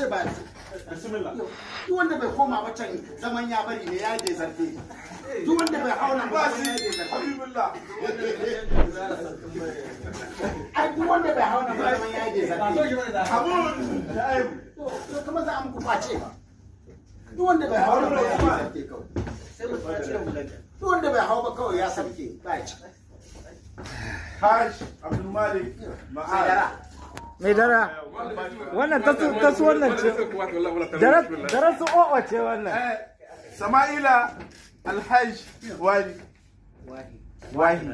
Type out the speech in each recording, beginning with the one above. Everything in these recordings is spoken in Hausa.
ce ba bismillah duk wanda bai koma ba can zaman ya bari ne ya je zarfe duk wanda bai hauna ba shi habibullah ai duk wanda bai hauna ba zaman ya je zarfe hamun to kuma za a muku face ba duk wanda bai hauna ba ya zarfe kawai duk wanda bai ba kawai ya ba ya ci Hajj mai dara wannan ta su wannan ce dara su o'o ce wannan eh, sama'ila alhaj wani wahi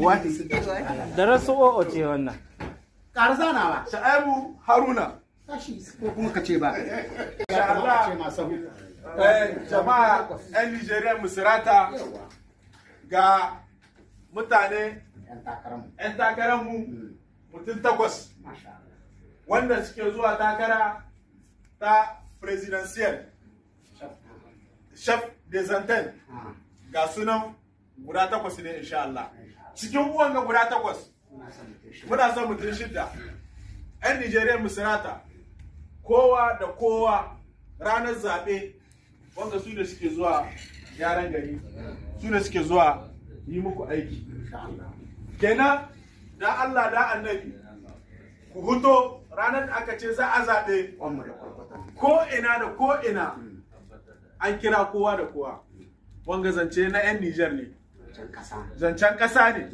wahi dara su o'o ce wannan ƙarsa na ba sha'abu haruna ko kuma ka ce ba eh, jama'a 'yan nigeria musirata ga mutane 'yan takararmu mutum takwas wanda suke zuwa takara ta presidential chef de zantel ga sunan guda takwas ne insha Allah cikin uwan ga guda takwas muna son mutum shidda 'yan Nijeriya musulata, kowa da kowa ranar zaɓe wanda su da suke zuwa gyaran gari su da suke zuwa yi muku aiki kenan da Allah da annabi ku huto ranar da aka ce za a zaɓe ko ina da ko ina an kira kowa da kowa wanga zance na 'yan Nijar ne zancen ƙasa ne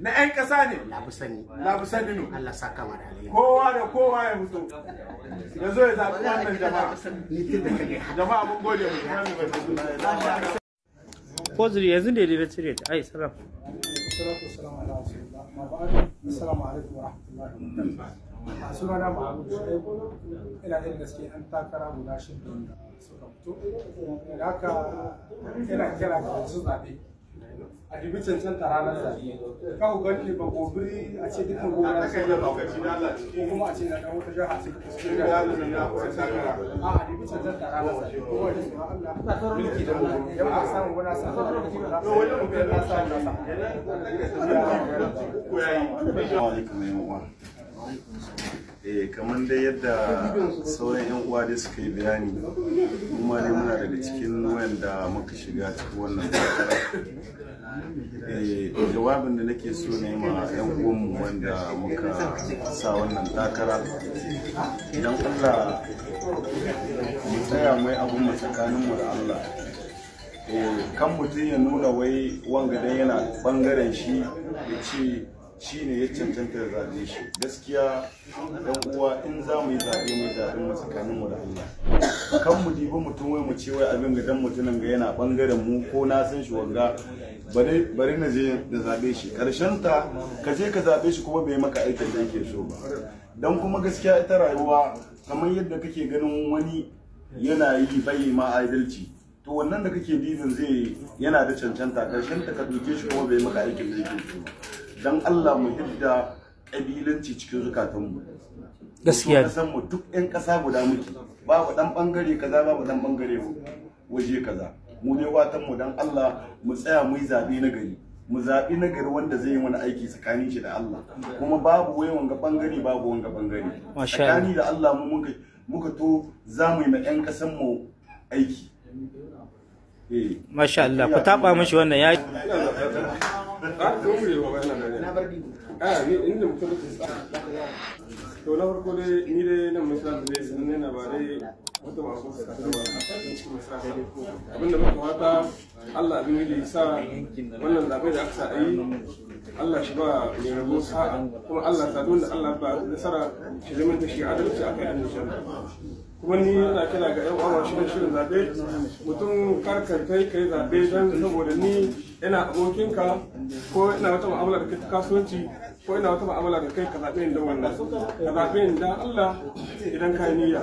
na 'yan ƙasa ne labusani ne Allah kowa da kowa ya huto ya zo ya zaɓi wannan jama'a jama'a mun gode mu ko zuri yanzu ne da cire ta ai salam salatu salam Assalamu alaikum wa rahmatullahi wa suna takara guda shida suka fito da kira ga wasu zaɓe a dubi cancanta ranar sa ka ku ganke ba gobiri a ce dukkan gobara sai da lokaci da Allah ko kuma a ce na dan wata jaha cikin da na ko ta gara a a dubi cancanta ranar sa ko wani Allah ta taro miki da mu yau ba samu gona sa ta taro miki da wani ku ga na sa na sa ko yayi assalamu alaikum wa alaikum assalam eh kamar dai yadda sauran yan uwa da suka yi bayani ma ne muna daga cikin wanda muka shiga cikin wannan eh, jawabin da nake so ne ma yan uwanmu wanda muka sa wannan takara idan allah mu tsaya mai abun mu tsakaninmu da allah eh, kan mutum ya nuna wai wanga dai yana bangaren shi ya ce shine ya cancanta da zaɓe shi gaskiya dan uwa in za mu yi zaɓe mai zaɓen mu tsakanin mu da Allah kan mu dibi mutum wai mu ce wai abin ga dan mutumin ga yana bangaren mu ko na san shi wanga bari na je da zaɓe shi karshen ta ka je ka zaɓe shi kuma bai maka aikin da yake so ba dan kuma gaskiya ita rayuwa kamar yadda kake ganin wani yana yi bai ma adalci to wannan da kake dibin zai yana da cancanta karshen ta ka duke shi kuma bai maka aikin da yake so ba dan Allah mu hidda kabilanci cikin zukatanmu gaskiya san mu duk ɗan kasa guda muke babu dan bangare kaza babu dan bangare waje kaza mu ne watan mu dan Allah mu tsaya mu yi zabe na gari mu zabi na gari wanda zai yi mana aiki tsakanin shi da Allah kuma babu wai wanga bangare babu wanga bangare tsakani da Allah mu muka muka to za mu yi ma ɗan kasan mu aiki eh. Masha Allah, ku taɓa mashi wannan ya Ah, a zo mu yi wa wannan na a ah, ni na ne ba dai ta ba Allah abin yi sa wannan zabe da aka sa yi Allah shi ba mai rabo sa'a kuma Allah sa don da Allah ba nasara shi zama ta shi adalci akai annabi kuma ni yana kira ga yan uwa shirin shirin zabe mutum karkar kai kai zabe don saboda ni ina abokinka ko ina wata ma'amala da kai kasuwanci ko ina wata ma'amala da kai ka zabe inda da wannan ka zabe inda Allah idan ka niyya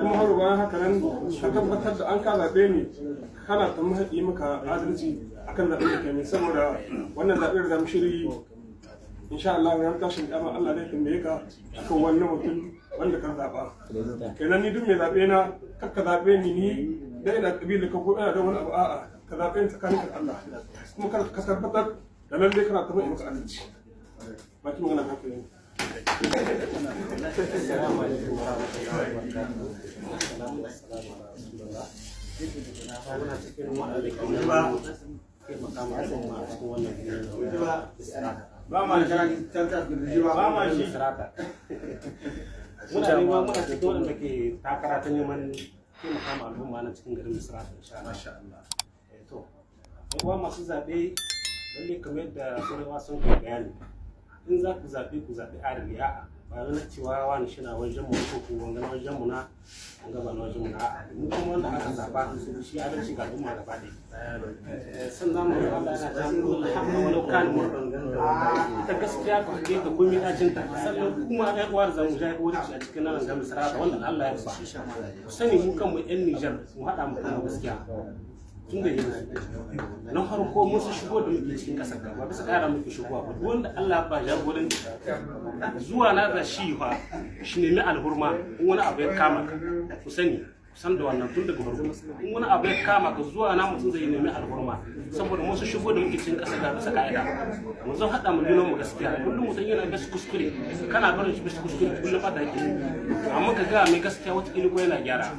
kuma har bayan haka nan ka tabbatar da an ka zabe ni kana ta mahaɗi maka adalci akan zabe da kai saboda wannan zabe da mu shiri insha Allah ran tashin ma Allah zai tambaye ka akan wannan mutum wanda ka zaɓa kenan ni duk mai zaɓe na kar ka zaɓe ni ni da ina ƙabila ka ko ina da wani abu a'a ka zaɓe ni tsakanin ka Allah kuma kar ka tabbatar da lalle kana taɓa in maka adalci baki magana ka fi ba ma shi muna neman muna cikin wanda ke takara ta neman taimaka ma al'umma na cikin garin Misrata insha Allah eh, to yan masu zabe lalle kamar yadda saurawa sun kai bayani in za ku zaɓe ku zaɓi a a'a ba na cewa wani shi na wajen mu ko ku wanga na wajen mu na wanga ba na wajen mu na mu kuma wanda aka zaɓa shi adalci ga al'umma gaba ɗaya eh, sannan mu ga Allah ya ta mu wani kan mu da gaskiya ke da komai dacin kuma ɗan uwar zamu a cikin nan zamu sarata Allah ya sa sani mu kanmu ƴan Niger mu haɗa mu gaskiya tun da yanzu na farko mun su shigo da muke cikin ƙasar gaba bisa kara muke shigowa a duk wanda Allah ba jagoran zuwa na da shi fa shi nemi alhurma wani abu ya kama ka ku sani san da wannan tun daga farko in wani abu ya kama ka zuwa na mutum zai nemi alfarma saboda mu su shigo da muke cikin ƙasa ga bisa ka'ida mu zan haɗa mu nuna mu gaskiya kullum mutum yana bisa kuskure kana barin shi bisa kuskure kullum ba da yake amma ka ga mai gaskiya wata ko yana gyara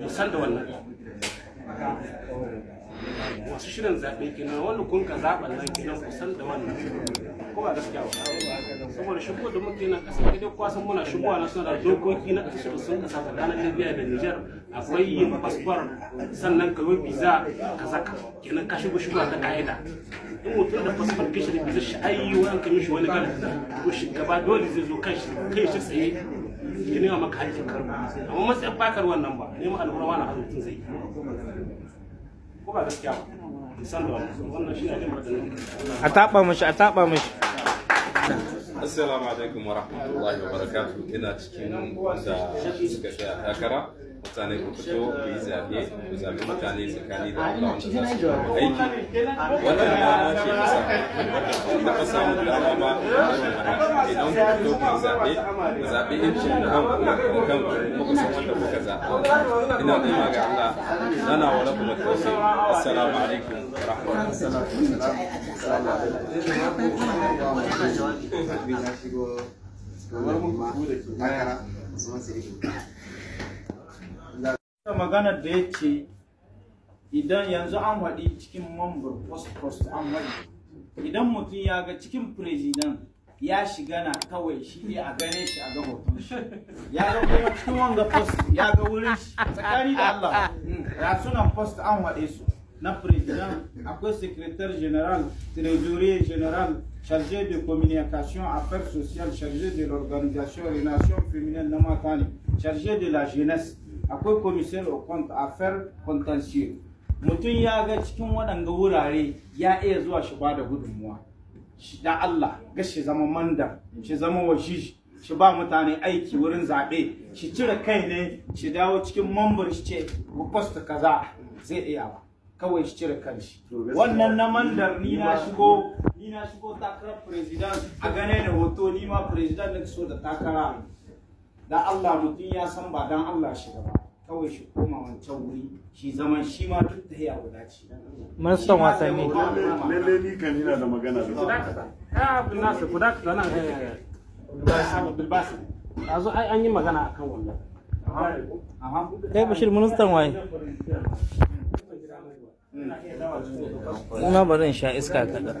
mu san da wannan wasu shirin zaɓe kenan wani kun ka zaɓa nan kenan ku san da wannan kuma gaskiya ba saboda shigo da muke na kasa ta dai kwasan muna shigowa na suna da dokoki na kasa sun kasa tsakanin libya da niger akwai yin fasfar sannan ka yi biza ka zaka kenan ka shigo shigo ta ka'ida in mutum da fasfar kai da biza shi ayi wani ka wani galata to shugaba dole zai zo kai shi tsaye ya nema maka haƙƙin karba amma matsayin bakar wannan ba neman alwara wani halittun zai yi ko ba gaskiya ba a taɓa mashi a taɓa mashi assalamu alaikum wa rahmatullahi wa barakatuh ina cikin wanda suka tsaya takara mutane ku fito ku yi zaɓe ku zaɓi mutane tsakani da Allah wanda za su yi aiki wannan dama ce ta samu in ba samu dama ba idan ku fito ku yi zaɓe ku zaɓi incin da kan ku da kan san wanda kuka zaɓa ina nema ga Allah nana wa rabbu mutawassil assalamu alaikum wa rahmatullahi wa barakatuh magana da yake idan yanzu an cikin post-post an idan ya ga cikin president ya shiga na kawai shi a gane shi a post ya ga wurin Allah post an haɗe su na president akwai secrétaire général trésorier général chargé de communication affaires sociales chargé de l'organisation des Nations Féminines na chargé de la jeunesse akwai commissaire of a fair contention mutum ya ga cikin waɗanga wurare ya iya zuwa shi ba da gudunmuwa shi da Allah ga shi zama manda shi zama washi shi ba mutane aiki wurin zaɓe shi cire kai ne shi dawo cikin mambar shi ce post kaza zai iya ba kawai shi cire kan shi wannan na mandar ni na shigo ni na shigo takarar president a gane da hoto ni ma president na so da takara da Allah mutum ya san ba dan Allah shi ba kawai shi koma wancan wuri shi zaman shi ma duk da ya guda ce ministan wasanni lalle ni kan ina da magana da ka ah, ha bin nasu ku ka nan bilbasi a zo an yi magana a kan wannan kai eh, bashir ministan waye Muna hmm. ba zan sha iska kaɗan.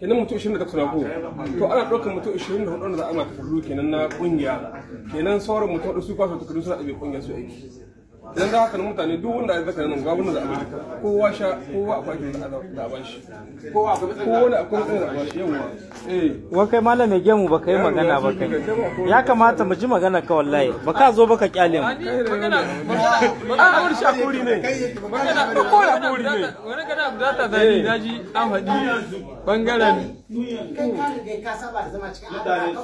kenan mutum 28 na ko to ana ɗaukar mutum ishirin da za a ma takardu kenan na ƙungiya kenan sauran mutum da su kwashe takardu suna ɗabe ƙungiyar su aiki idan za haka mutane duk wanda a zaka nan gwamnati da abin kowa sha kowa akwai da a shi kowa akwai kowa akwai da a shi yawa eh wa kai malam mai gemu baka yi magana ba kai ya kamata mu ji magana ka wallahi baka zo baka kyale mu magana magana ah, wani shakuri ne magana ko kuri ne wani gana da ta zani daji eh. an faɗi bangaren kai ka saba da zama cikin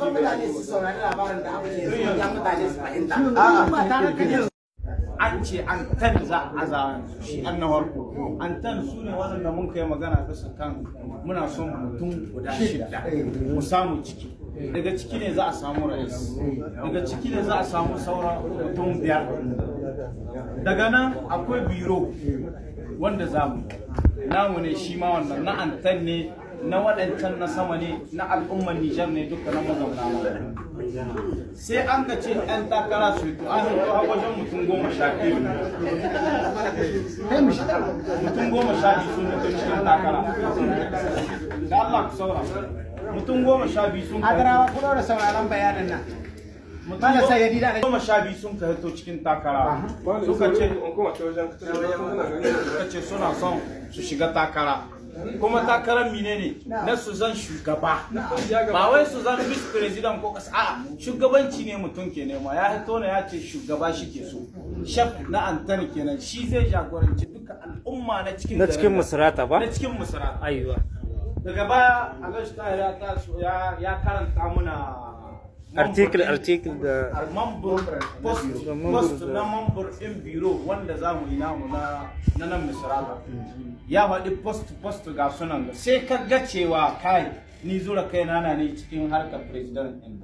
mutane su saurari labarin da abu da ya mutane su fahimta a'a an ce an tan za a aza shi an na warko an tan su ne waɗanda mun kai magana ta su kan muna son mutum guda shida mu samu ciki daga ciki ne za a samu rais daga ciki ne za a samu saura mutum biyar daga nan akwai biro wanda za mu namu ne shi ma wannan na antan ne na waɗancan na sama ne na al'ummar Nijar ne duka na mazauna sai an ga ce ɗan takara su yi an hito a wajen mutum goma sha biyu mutum goma sha biyu sun mutum cikin takara da Allah ku saura mutum goma sha biyu sun agarawa kuma da sauraron bayanan nan mutum sai ya dida goma sha biyu sun ka hito cikin takara suka ce suna son su shiga takara kuma takarar mine ne na su zan shugaba ba wai suzan zan vice president ko kasa a shugabanci ne mutum ke nema ya hito na ya ce shugaba shi ke so shaf na antar kenan shi zai jagoranci duka al'umma na cikin na cikin musrata ba na cikin musrata aiwa daga baya alhaji tahir ya karanta muna article article da member post post na member in biro wanda za mu ina mu na na nan misrala ya faɗi post post ga sunan ga sai ka ga cewa kai ni zura kai na ne cikin harkar president din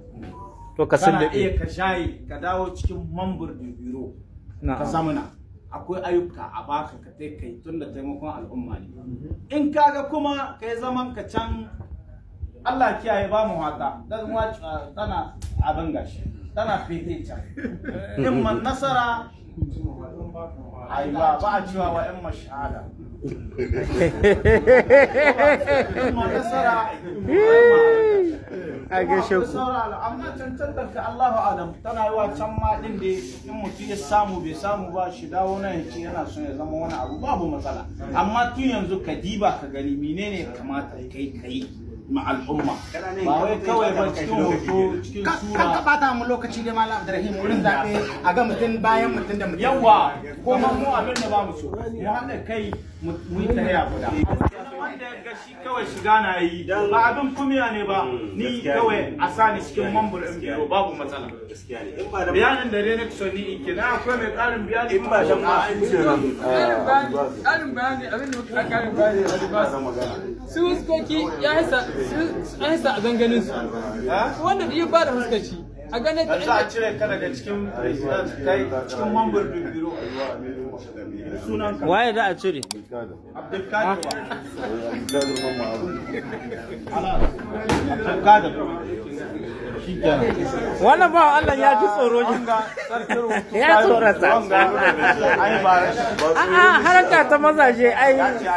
to ka san da iya ka shayi ka dawo cikin member din bureau ka zamana akwai ayyuka a baka ka kai tunda taimakon al'umma ne in kaga kuma kai zaman ka can Allah kiyaye ba mu hata dan wa ah, tana abin gashi tana fete can in man nasara ai ba a cewa wa yan mashahada in man nasara a gaishe ku amma cancan ka Allahu alam tana yi wa can ma din da in mutum ya samu bai samu ba shi dawo nan ya yana son ya zama wani abu babu matsala amma tun yanzu ka diba ka gani menene kamata kai kai ma al'umma ba wai kawai ba cikin hoto cikin sura kan ka bata mu lokaci dai malam Abdurrahim wurin zabe a ga mutum bayan mutum da mutum yawa kuma mu abin da ba mu so mu haɗa kai mu yi tarayya wanda ga shi kawai shiga na yi ba abin kumiya ne ba mm, ni kawai a sa ni cikin mambar in biyo babu matsala bayanin da rene so ni in kina akwai mai karin ah, bayani in ba dan ma in ce karin bayani abin da muka karin bayani ba su huskoki ya hisa a hisa a ganganin su wanda da ba da huskoki a ganin ta za a cire ka daga cikin president eh, kai cikin mambar biro waye za a cire wannan ba Allah ya ji tsoro ya tsorata haraka ta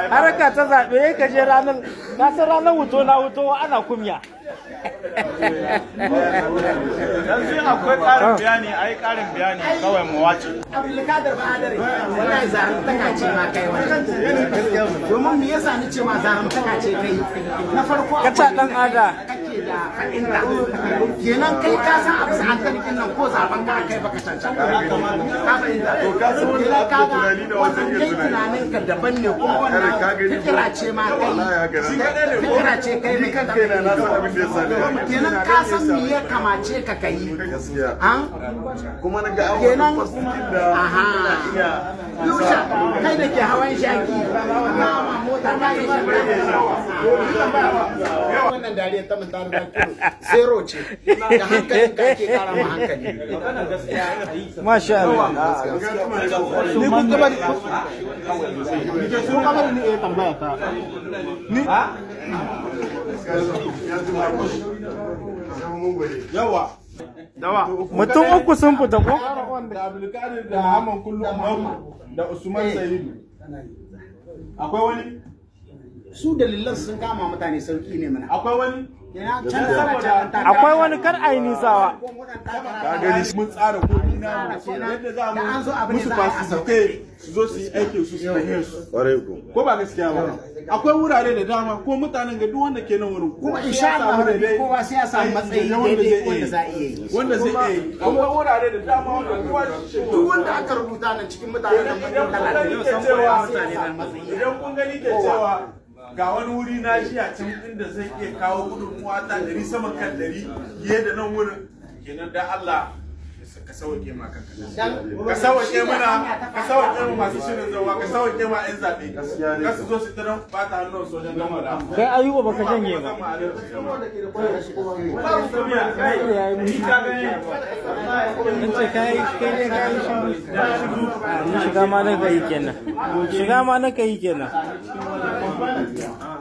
haraka ta zaɓe ranar na wuto na wuto ana kumya yanzu akwai karin bayani a yi karin bayani kawai mu wace abdulkadir ce ma kai wani domin me yasa ni ce ma ce kai na farko ka ta dan ada kake da fa'inda kenan kai ka san abu sa hankali din nan ko zaben ka kai baka cancanta ka fahimta to ka san wannan ka ga wannan kai tunanin ka daban ne kuma wannan fikira ce ma kai fikira ce kai mai kan kai na san abin da ya sani kenan ka san me ya kamace ka kai an kuma na ga kenan aha Yusha kai da ke hawan shaki na ma mota ta yi shaki wannan dariya ta mun tarar da zero ce mutum uku sun fita ko da abdulkadir da haman kullum da usman sayidu akwai wani su dalilan sun kama mutane sauki ne mana akwai wani akwai wani kar a yi nisawa ka gani mun tsara komi na yadda za mu musu fasisite su zo su yi aiki su su fahimci su ko ko ba gaskiya ba akwai wurare da dama ko mutanen ga duk wanda ke nan wurin ko sha Allah dai kowa sai ya samu matsayi daidai wanda zai iya wanda zai iya yi akwai wurare da dama wanda kowa duk wanda aka rubuta nan cikin mutanen da mutum 30 sai ya samu matsayi idan kun gani ke cewa ga wani wuri na shi a can inda zai iya kawo gudunmuwa ta dari sama kan dari fiye da nan wurin kenan da Allah ka sauke ma kanka ka sauke mana ka sauke mu masu shirin zawa ka sauke ma yan zabe ka su zo su ba ta hannu su wajen gama da kai ayuba baka janye ba kai yayi mu ka ce kai kai ne kai shiga ma na kai kenan shiga ma na kai kenan Yeah.